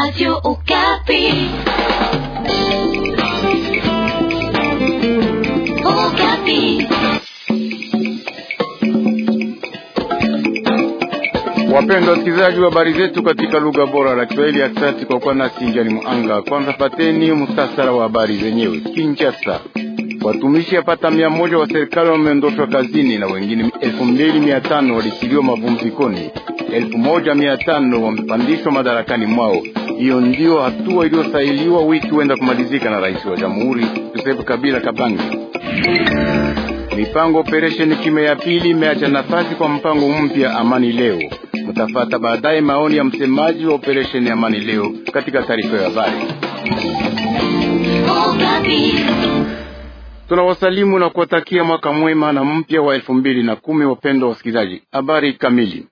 Radio Okapi. Okapi. Wapendwa wasikilizaji wa habari zetu katika lugha bora la Kiswahili, asante kwa kuwa nasi njiani mwanga. Kwanza pateni musasara wa habari zenyewe. Kinshasa, watumishi apata mia moja wa serikali wameondoshwa kazini na wengine elfu mbili mia tano walisiliwa mapumzikoni, elfu moja mia tano wamepandishwa madarakani mwao. Hiyo ndio hatua iliyosailiwa wiki huenda kumalizika na rais wa jamhuri Joseph Kabila Kabange. Mipango operesheni kime ya pili imeacha nafasi kwa mpango mpya amani leo. Mtafata baadaye maoni ya msemaji wa operesheni amani leo katika taarifa ya habari. Tunawasalimu na kuwatakia mwaka mwema na mpya wa elfu mbili na kumi. Wapendwa wasikilizaji, habari kamili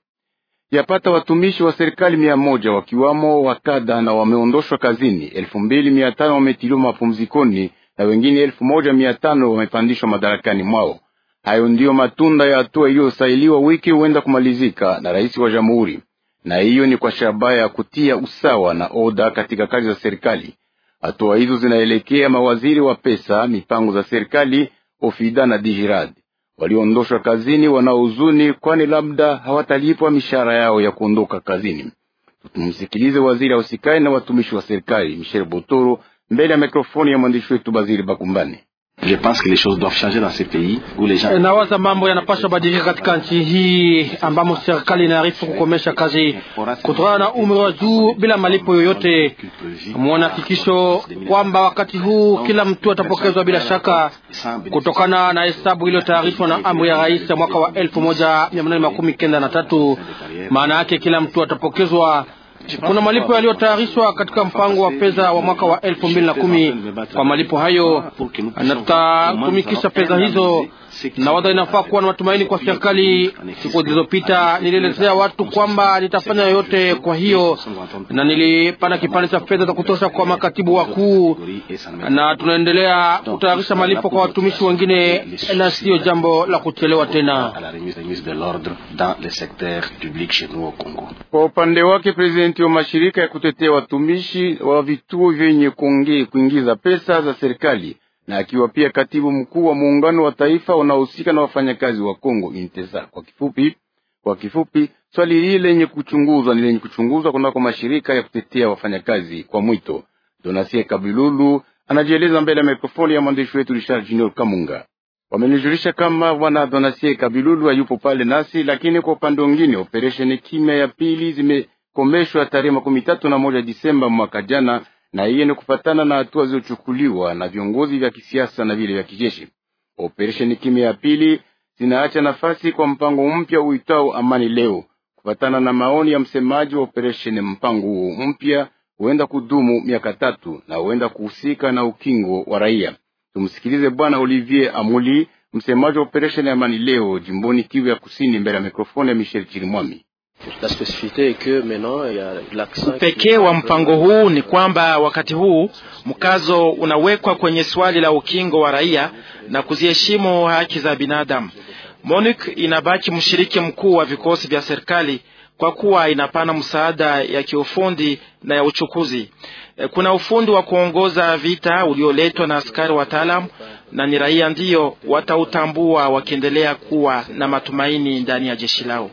yapata watumishi wa serikali mia moja wakiwamo wakada na wameondoshwa kazini, elfu mbili mia tano wametiliwa mapumzikoni na wengine elfu moja mia tano wamepandishwa madarakani mwao. Hayo ndiyo matunda ya hatua iliyosailiwa wiki huenda kumalizika na rais wa jamhuri, na hiyo ni kwa shabaha ya kutia usawa na oda katika kazi za serikali. Hatua hizo zinaelekea mawaziri wa pesa, mipango za serikali, ofida na dijiradi waliondoshwa kazini wanaohuzuni kwani labda hawatalipwa mishahara yao ya kuondoka kazini. Tumsikilize waziri ausikai na watumishi wa serikali Michel Botoro mbele ya mikrofoni ya mwandishi wetu Baziri Bakumbani. Je pense que les choses doivent changer dans ces pays où les gens... Eh, Nawaza mambo yanapaswa badilika katika nchi hii ambamo serikali inaarifu kukomesha kazi kutokana na umri wa juu bila malipo yoyote. Muona kwamba wakati huu kila mtu atapokezwa bila shaka kutokana na hesabu iliyotayarishwa na amri ya rais ya mwaka wa elfu moja mia nane makumi kenda na tatu. Maana yake kila mtu atapokezwa kuna malipo yaliyotayarishwa katika mpango wa fedha wa mwaka wa elfu mbili na kumi. Kwa malipo hayo, na fedha hizo na wada inafaa kuwa na matumaini kwa serikali. Siku zilizopita nilielezea watu kwamba nitafanya yote, kwa hiyo na nilipana kipande cha fedha za kutosha kwa makatibu wakuu, na tunaendelea kutayarisha malipo kwa watumishi wengine, na siyo jambo la kuchelewa tena. Kwa upande wake, prezidenti wa mashirika ya kutetea watumishi wa vituo vyenye kuingiza pesa za serikali na akiwa pia katibu mkuu wa muungano wa taifa unaohusika na wafanyakazi wa Kongo Intesa kwa kifupi. Kwa kifupi, swali hili lenye kuchunguzwa ni lenye kuchunguzwa kunako mashirika ya kutetea wafanyakazi kwa mwito. Donasie Kabilulu anajieleza mbele ya mikrofoni ya mwandishi wetu Richard Junior Kamunga. Wamenijulisha kama bwana Donasie Kabilulu hayupo pale nasi, lakini kwa upande mwingine operesheni kimya ya pili zimekomeshwa tarehe makumi tatu na moja Disemba mwaka jana na hiyo ni kufatana na hatua zilizochukuliwa na viongozi vya kisiasa na vile vya kijeshi. Operesheni kimya ya pili zinaacha nafasi kwa mpango mpya uitwao amani leo. Kufatana na maoni ya msemaji wa operesheni, mpango huo mpya huenda kudumu miaka tatu na huenda kuhusika na ukingo wa raia. Tumsikilize Bwana Olivier Amuli, msemaji wa operesheni ya amani leo jimboni Kivu ya Kusini, mbele ya mikrofoni ya Michel Chirimwami. Upekee wa mpango huu ni kwamba wakati huu mkazo unawekwa kwenye swali la ukingo wa raia na kuziheshimu haki za binadamu. MONUC inabaki mshiriki mkuu wa vikosi vya serikali kwa kuwa inapana msaada ya kiufundi na ya uchukuzi. Eh, kuna ufundi wa kuongoza vita ulioletwa na askari wataalam na ni raia ndiyo watautambua wakiendelea kuwa na matumaini ndani ya jeshi lao.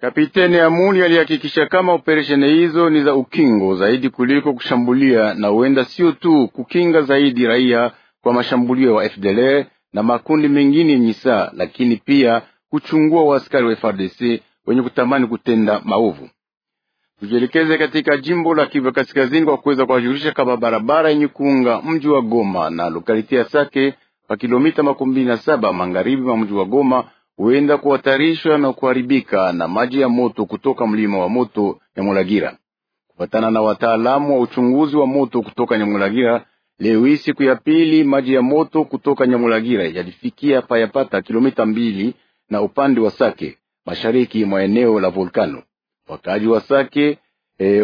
Kapiteni Amuni alihakikisha kama operesheni hizo ni za ukingo zaidi kuliko kushambulia, na huenda sio tu kukinga zaidi raia kwa mashambulio wa fdl na makundi mengine yenye saa, lakini pia kuchungua waaskari wa frdc wenye kutamani kutenda maovu tujielekeze katika jimbo la Kivu Kaskazini kwa kuweza kuwajulisha kama barabara yenye kuunga mji wa Goma na lokaliti ya Sake pa kilomita makumi mbili na saba magharibi mwa mji wa Goma huenda kuhatarishwa na kuharibika na maji ya moto kutoka mlima wa moto Nyamulagira. Kufatana na wataalamu wa uchunguzi wa moto kutoka Nyamulagira, leo hii siku ya pili, maji ya moto kutoka Nyamulagira yalifikia payapata kilomita mbili na upande wa Sake mashariki mwa eneo la volkano wakaji wa Sake e,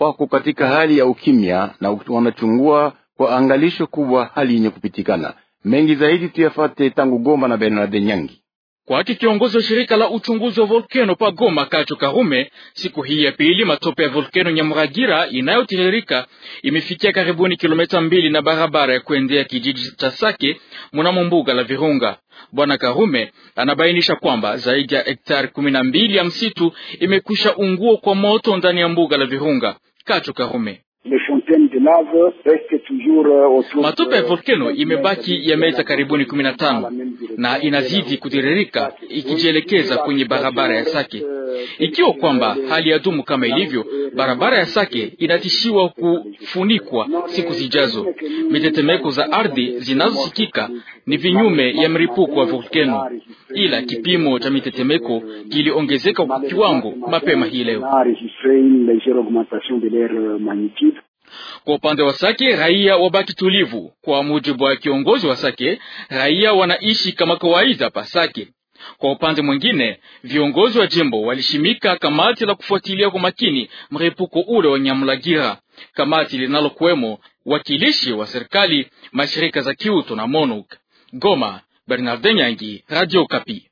wako katika hali ya ukimya na wanachungua kwa angalisho kubwa hali yenye kupitikana mengi zaidi tuyafate tangu Goma na Bernard Nyangi kwake kiongozi wa shirika la uchunguzi wa volkeno pa Goma Kacho Karume, siku hii ya pili, matope ya volkeno Nyamuragira inayotiririka imefikia karibuni kilomita mbili na barabara ya kuendea kijiji cha Sake mnamo mbuga la Virunga. Bwana Karume anabainisha kwamba zaidi ya hektari kumi na mbili ya msitu imekwisha unguo kwa moto ndani ya mbuga la Virunga. Kacho Karume Matope ya volkano imebaki ya meta karibuni kumi na tano na inazidi kutiririka ikijielekeza kwenye barabara ya Sake. Ikiwa kwamba hali ya dumu kama ilivyo, barabara ya Sake inatishiwa kufunikwa siku zijazo. Mitetemeko za ardhi zinazosikika ni vinyume ya mripuko wa volkeno, ila kipimo cha mitetemeko kiliongezeka kwa kiwango mapema hii leo. Kwa upande wa Sake raia wabaki tulivu. Kwa mujibu wa kiongozi wa Sake, raia wanaishi kama kawaida pa Sake. Kwa upande mwingine, viongozi wa jimbo walishimika kamati la kufuatilia kwa makini mrepuko ule wa Nyamulagira, kamati linalokuwemo wakilishi wa serikali, mashirika za kiuto na MONUC. Goma, bernarde Nyangi, Radio Kapi.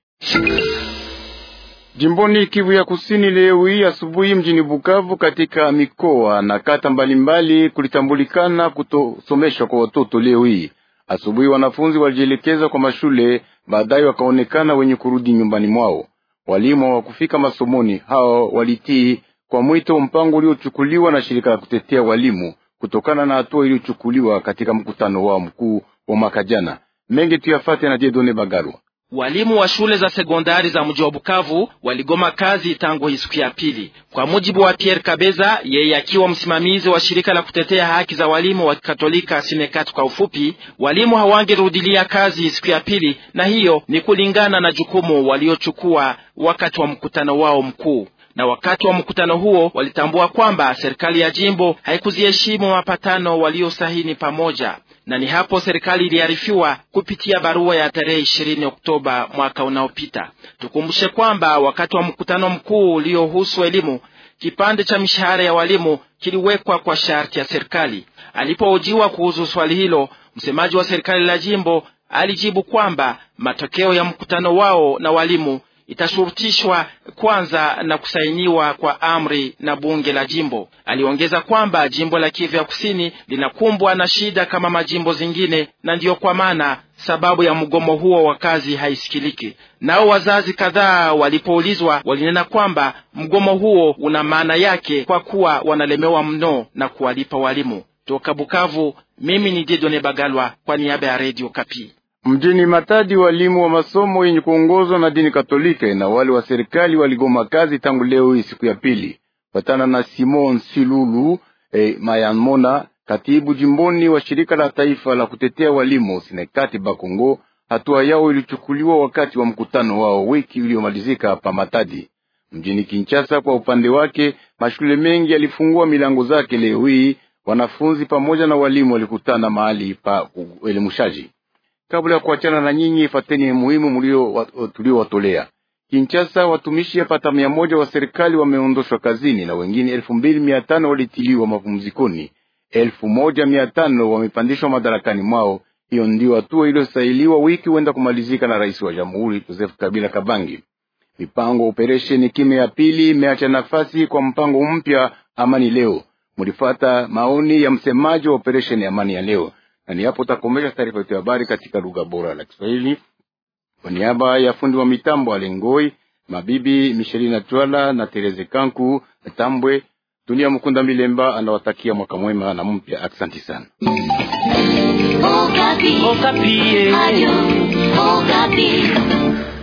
Jimboni Kivu ya Kusini, leo hii asubuhi mjini Bukavu, katika mikoa na kata mbalimbali, kulitambulikana kutosomeshwa kwa watoto leo hii Asubuhi wanafunzi walijielekeza kwa mashule, baadaye wakaonekana wenye kurudi nyumbani mwao. Walimu hawakufika masomoni, hao walitii kwa mwito mpango uliochukuliwa na shirika la kutetea walimu kutokana na hatua iliyochukuliwa katika mkutano wao mkuu wa mwaka jana. Mengi tuyafate na Jedone Bagalwa. Walimu wa shule za sekondari za mji wa Bukavu waligoma kazi tangu hii siku ya pili. Kwa mujibu wa Pierre Kabeza, yeye akiwa msimamizi wa shirika la kutetea haki za walimu wa Katolika Sinekat kwa ufupi, walimu hawangerudilia kazi siku ya pili, na hiyo ni kulingana na jukumu waliochukua wakati wa mkutano wao mkuu na wakati wa mkutano huo walitambua kwamba serikali ya jimbo haikuziheshimu mapatano waliosahini pamoja na ni hapo serikali iliarifiwa kupitia barua ya tarehe 20 Oktoba mwaka unaopita. Tukumbushe kwamba wakati wa mkutano mkuu uliohusu elimu kipande cha mishahara ya walimu kiliwekwa kwa sharti ya serikali. Alipoujiwa kuhusu swali hilo, msemaji wa serikali la jimbo alijibu kwamba matokeo ya mkutano wao na walimu itashurutishwa kwanza na kusainiwa kwa amri na bunge la jimbo. Aliongeza kwamba jimbo la Kivu ya Kusini linakumbwa na shida kama majimbo zingine, na ndiyo kwa maana sababu ya mgomo huo wa kazi haisikiliki. Nao wazazi kadhaa walipoulizwa, walinena kwamba mgomo huo una maana yake kwa kuwa wanalemewa mno na kuwalipa walimu. Toka Bukavu, mimi ni Dedone Bagalwa kwa niaba ya Redio Kapi. Mjini Matadi walimu wa masomo yenye kuongozwa na dini Katolika na wale wa serikali waligoma kazi tangu leo hii siku ya pili, patana na Simon Silulu eh, Mayanmona, katibu jimboni wa shirika la taifa la kutetea walimu Sinekati Bakongo. Hatua yao ilichukuliwa wakati wa mkutano wao wiki iliyomalizika hapa Matadi. Mjini Kinshasa, kwa upande wake, mashule mengi yalifungua milango zake leo hii. Wanafunzi pamoja na walimu walikutana mahali pa uelimushaji. Kabla ya kuachana na nyinyi, fateni muhimu tulio tuliowatolea. Kinshasa, watumishi yapata mia moja wa serikali wameondoshwa kazini na wengine elfu mbili mia tano walitiliwa mapumzikoni, elfu moja mia tano wamepandishwa madarakani mwao. Hiyo ndio hatua iliyosailiwa wiki huenda kumalizika na rais wa jamhuri Joseph Kabila Kabangi. Mipango ya operesheni kime ya pili imeacha nafasi kwa mpango mpya amani leo. Mulifata maoni ya msemaji wa operesheni amani ya leo na ni hapo takomesha taarifa yetu ya habari katika lugha bora la Kiswahili. Kwa niaba ya fundi wa mitambo Alengoi Mabibi Michelina Twala na Tereze Kanku Tambwe, Dunia Mukunda Milemba anawatakia mwaka mwema na mpya. Aksanti sana Okapi. Okapi.